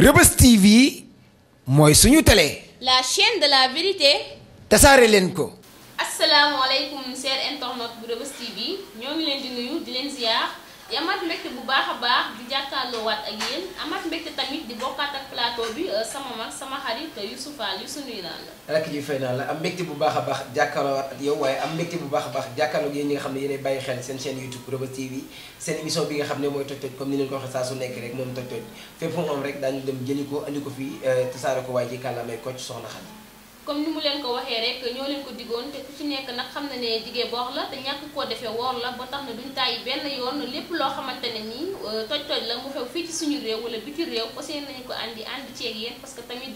Reubeuss TV mooy suñu télé. la chaîne de la vérité. tasaare leen ko. asalaamaaleykum chers internautes bu Reubeuss TV ñoo ngi leen di nuyu di leen ziar. di amaat mbégte bu baax a baax di jàkkaarloowaat ak yéen amaat mbégte tamit di bokkaat ak plateau bi euh, sama mag sama xarit euh, Youssou Fall Youssou nuyu naa la rakk ji fay naa la am mbégte bu baax a baax jàkkaarloowaat ak yow waaye am mbégte bu baax a baax jàkkaarloo ak yéen ñi nga xam ne yéen bàyyi xel seen chaîne YouTube Reubeuss TV seen émission bi nga xam ne mooy toj toj comme ni leen ko waxee saa su nekk rek moom toj toj fépp moom rek daañu dem jëli ko andi ko fi euh, tasaare ko waaye ci kàllaamay Kocc Soxna Xadi comme ni mu leen ko waxee rek ñoo leen ko digoon te ku nekk nag xam na ne jigéen boox la te ñàkk koo defee woor la ba tax na duñ tàyyi benn yoon lépp loo xamante ne nii euh, toj-toj la mu xew fii ci réew wala biti réew aussi nañu ko andi andi ceeg yéen parce que tamit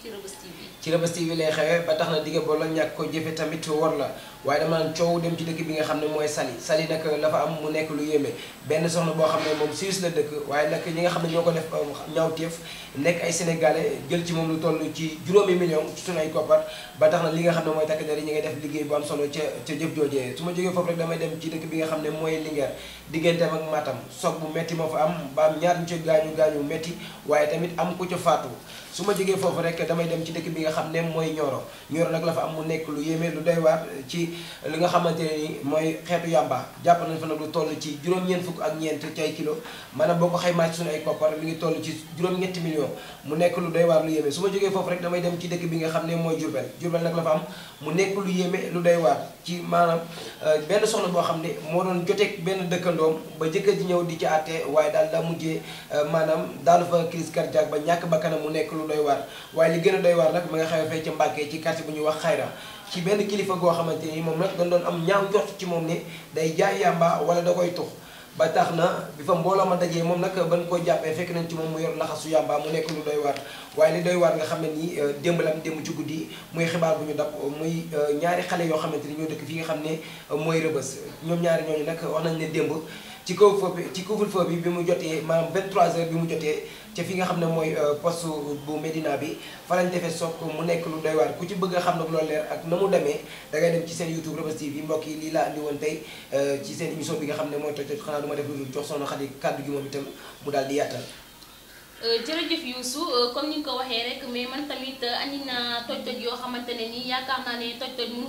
ci Reubeuss TV. ci Reubeuss TV lay xewee ba tax na jigéen boox ko jëfe tamit woor la waaye dama naan coow dem ci dëkk bi nga xam ne mooy Saly Saly nag la am mu nekk lu yéeme benn soxna boo xam ne moom Suisse la dëkk waaye nag ñi nga xam ne ñoo ko def euh, ñaawteef nekk ay sénégale jël ci moom lu toll ci juróomi million ci suñu ay koppar ba tax na li nga xam ne mooy takk der yi ñu ngi def liggéey bu solo ca ca jëf joojee su ma jógee foofu rek damay dem ci dëkk bi nga xam ne mooy Linguère digganteem ak Matam soog bu metti moo fa am ba am ñaar ñu ci gaañu gaañu metti waaye tamit am ku ca faatu su ma jógee foofu rek damay dem ci dëkk bi nga xam ne mooy Nioro Nioro nag la fa am mu nekk lu yéeme lu day waar ci li nga xamante ne mooy xeetu yàmba jàpp nañ fa nag lu toll ci juróom fukk ak ñeent ci ay kilo maanaam boo ko xaymaa ci suñu ay koppar mi toll ci juróom-ñetti millions mu nekk lu doy waar lu yéeme su ma jógee foofu rek damay dem ci dëkk bi nga xam ne mooy Diourbel Diourbel nag la am mu nekk lu yéeme lu doy waar ci maanaam euh, benn soxna boo xam ne moo doon joteeg benn dëkkandoom ba jëkkër ji ñëw di ci àtte waaye daal la mujjee euh, maanaam daal fa crise cardiaque ba ñàkk kanam mu nekk lu doy waar waaye li gën a doy waar nag ma nga xawee fay ca Mbàkke ci quartier bu ñuy wax Xayra ci benn kilifa goo xamante ni moom nag dañ doon am ñaaw njort ci moom ne day jaay yàmba wala da koy tux ba tax na bi fa mbooloo ma dajee moom nag ban ko jàppee fekk nañ ci moom mu yor laxasu yàmba mu nekk lu doy waar waaye li doy waar nga xam ne nii euh, démb lam démb ci guddi muy xibaar bu ñu dab muy euh, ñaari xale yoo xamante ni ñoo dëkk fi nga xam ne euh, mooy rëbës ñoom ñaari ñooñu nag wax nañ ne démb ci couvre-feu ci couvre-feu bi bi mu jotee maanaam 23h bi mu jotee ca nga xam ne mooy euh, poste bu Médina bi fa lañ defee soog mu nekk lu doy waar ku ci bëgg xam nag loolu leer ak na mu demee da dem ci seen YouTube Reubeuss TV mbokk yi lii laa andi woon tey euh, ci bi nga xam ne mooy toj toj xanaa du ma def mu daal di yaatal. Euh, jërëjëf Youssou comme ni nga ko waxee rek mais man tamit andi toj-toj yoo xamante ne nii yaakaar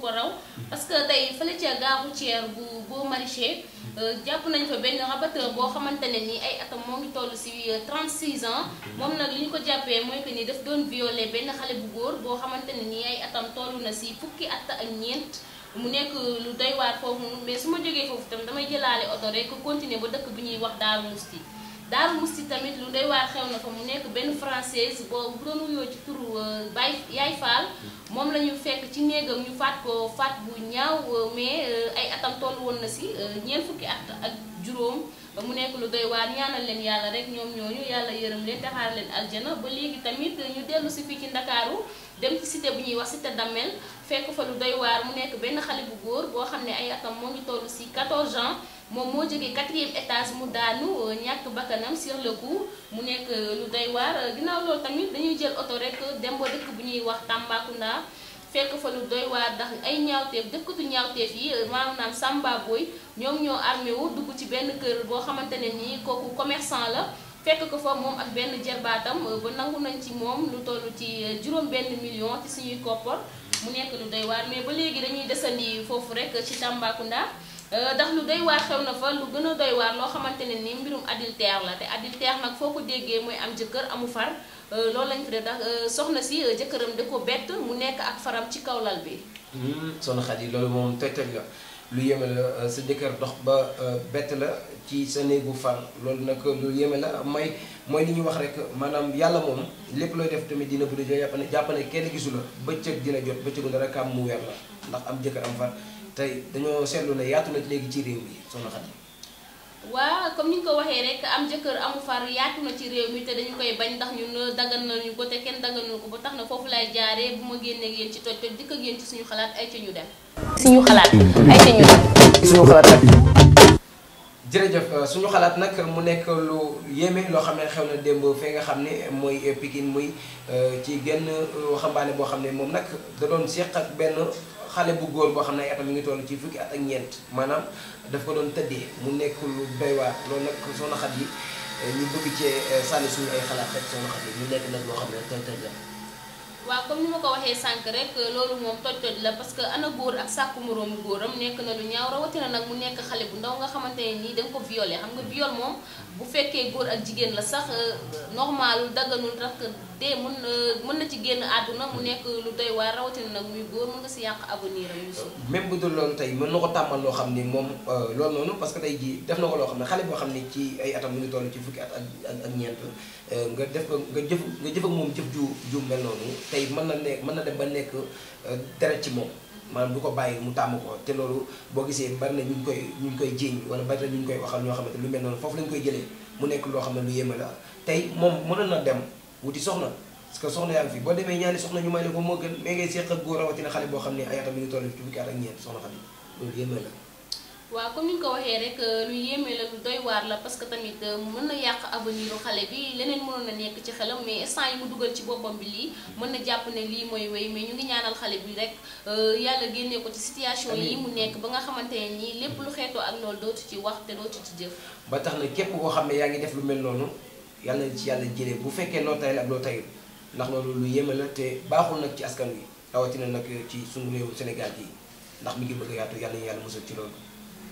ko raw hmm. parce que tey fële ca gaaru Thier bu boo maraîcher. Euh, jàpp nañ fa benn rabatteur boo xamante ne nii ay atam moo ngi toll si 36 euh, ans mm-hmm. moom nag li ñu ko jàppee mooy que ni daf doon violer benn xale bu góor boo xamante ne nii ay atam toll na si fukki at ak ñeent mu nekk euh, lu doy waar foofu mais su ma jógee foofu tam damay jëlaale oto rek continuer ba dëkk bi ñuy wax Darou Mousty Daaru Musti tamit lu doy waar xew na fa mu nekk benn française boobu doon wuyoo ci turu euh, Baay Yaay Faal moom la ñu fekk ci néegam ñu faat ko faat bu ñaaw mais euh, ay atam toll woon na si euh, ñeent fukki at ak. juróom mu nekk lu doy waar ñaanal leen yàlla rek ñoom ñooñu yàlla yërëm leen taxaar leen aljana ba léegi tamit ñu dellu si fii ci ndakaaru dem ci cité bu ñuy wax cité Damel fekk fa lu doy waar mu nekk benn xale bu góor boo xam ne ay atam moo ngi toll si 14 ans moom moo jógee quatrième étage mu daanu ñàkk bakkanam sur le mu nekk lu doy waar ginnaaw loolu tamit dañuy jël oto rek dem ba dëkk bu ñuy wax Tambacounda fekk fa lu doy ndax ay ñaawteef dëkkatu ñaawteef yi maanaam Samba Boy ñoom ñoo armé wu dugg ci benn kër boo xamante ne nii kooku commerçant la fekk ko fa moom ak benn jerbaatam ba nangu nañ ci moom lu toll ci juróom benn million ci suñuy koppar mu nekk lu doy mais ba léegi dañuy desandi foofu rek ci Tambacounda euh, ndax lu doy waar xew na fa lu gën a doy loo xamante ne ni mbirum adultère la te adultère nag foo ko déggee mooy am jëkkër amu far Euh, loolu lañ fi def ndax euh, soxna si euh, jëkkëram da ko bett mu nekk ak faram ci kaw lal bi. Hmm, soxna Xadi loolu moom tegtal la lu yéeme la sa jëkkër dox ba bett la ci sa néegu far loolu nag lu yéeme la may mooy li ñu wax rek maanaam yàlla moom lépp looy def tamit dina bëri jàpp ne jàpp ne kenn gisu la bëccëg dina jot bëccëgu dara kaam mu weer la ndax am jëkkër am far tey dañoo seetlu ne yaatu nag léegi ci réew yi soxna Xadi waaw comme ni nga ko waxee rek am jëkkër amu far yaatu na ci réew mi te dañu koy bañ ndax ñun dagan ñu ko te kenn daganul ko ba tax na foofu lay jaaree bu ma génnee yéen ci toj toj dikk ak yéen ci suñu xalaat ay ca ñu dem. suñu xalaat ay ca ñu dem. suñu xalaat jërëjëf euh, suñu xalaat nag mu nekk lu yéeme loo xam ne xew na démb fee nga xam ne mooy Pikine muy euh, ci genn euh, waxambaane boo xam ne moom nag da doon séq ak benn xale bu góor boo xam ne ay atam mi ngi toll ci fukki ak ñeent maanaam daf ko doon tëddee mu nekk lu doy waar loolu nag soxna Xadi yi ñu bëgg cee sànni suñu ay xalaat rek soxna yi ñu nekk nag loo xam ne tey tey waaw comme ni ma ko waxee sànq rek loolu moom toj-toj la parce que ana góor ak sàkku moroomu góoram nekk na lu ñaaw rawatina nag mu nekk xale bu ndaw nga xamante ne nii da ko violé xam nga viol moom bu fekkee góor ak jigéen la sax euh, normal dagganul rek de mën na euh, mën na ci génn àdduna mu nekk lu doy waar rawatina nag muy góor nga si yàq avenir am Youssou même bu dul loolu tey mën na ko tàmmal loo xam ni moom euh, loolu noonu parce que tey jii def na ko loo xam ne xale boo xam ne ci atam mu ngi toll ci fukki at ak ñeent nga def ko nga jëf nga jëf ak moom jëf ju ju mel noonu tey mën na nekk mën na dem ba nekk euh, deret ci moom maanaam du ko bàyyi mu tàmm ko te loolu boo gisee bari na ñu ngi koy ñu ngi koy jiiñ wala bari na ñu ngi koy a ñoo ne lu mel noonu foofu lañ koy jëlee mu nekk loo xam ne lu yéeme la tey moom mënoon na dem wuti soxna parce que soxna yaa ngi fi boo demee ñaari soxna ñu may la ko moo gën mais ngay seq ak góor rawatina xale boo xam ne ay atam mi ngi toll ci fukki at ak ñeent soxna xale loolu waaw comme ni ñu ko waxee rek euh, lu yéeme la lu doy waar la parce que tamit euh, mën na yàq avenir u xale bi leneen mënoon na nekk ci xelam mais instant yi mu dugal ci boppam bi lii mën na jàpp ne lii mooy wey mais ñu ngi ñaanal xale bi rek euh, yàlla génnee ko ci situation mu nekk ba nga xamante ne nii lépp lu xeetoo ak loolu dootu ci wax te dootu ci jëf ba tax na képp koo xam ne yaa ngi def lu mel noonu yàlla ci yàlla jëlee bu fekkee loo tayal ak loo tayul ndax loolu lu yéeme la te baaxul nag ci askan wi rawatina nag ci sunu réewu Sénégal yi ndax mi ngi bëgg yaatu yàlla ñu yàlla musal ci loolu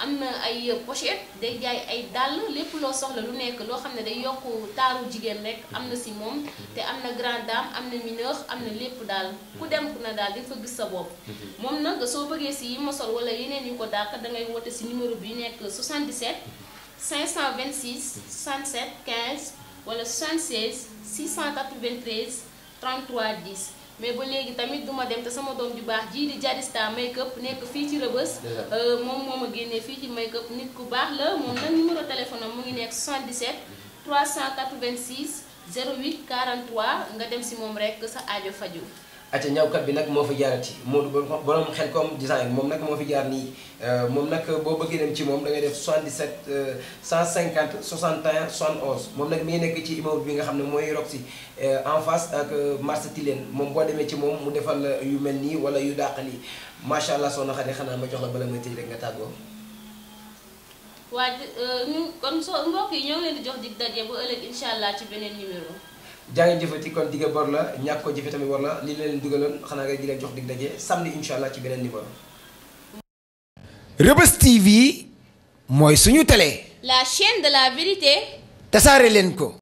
am na ay pochette day jaay ay dàll lépp loo soxla lu nekk loo xam ne day yokk taaru jigéen rek am na si moom te am na grand dame am na mineur am na lépp daal ku dem ku na daal di fa gis sa bopp moom nag soo bëggee si yi ma sol wala yeneen yu ko dàq dangay woote si numéro bi nekk 77 526 67 15 wala 76 693 33 10 mais ba léegi tamit du ma dem te sama doom ju baax jii di Jadista Makeup nekk fii ci Rëbës. Euh, moom moo ma génne fii ci Makeup nit ku baax la moom nag numéro téléphone mu ngi nekk 77 386 08 43 nga dem si moom rek sa aajo faju acca ñawkat bi nag moo fa jaarati moo borom xel comme design moom nag moo fi jaar nii euh, moom nag boo bëggee dem ci moom da ngay def 77 150 61 71 moom nag mi ngi nekk ci bi nga xam ne mooy Roxy euh, en face ak euh, marché Tilène moom boo demee ci moom mu defal yu mel nii wala yu dàq nii macha allah soo naxatee xanaa ma jox la bala ma tëj rek nga tàggoo. waa ñu soo mbokk yi ñoo leen di jox dig daje bu ëllëg incha allah ci beneen numéro. jaa ngeen jëfati kon digga bor la ñàkk ko jëfe tamit war la li leen dugaloon xanaa nga di leen jox dig daje samedi incha allah ci beneen numéro. Reubeuss TV mooy suñu telee la chaîne de la vérité. tasaare leen ko.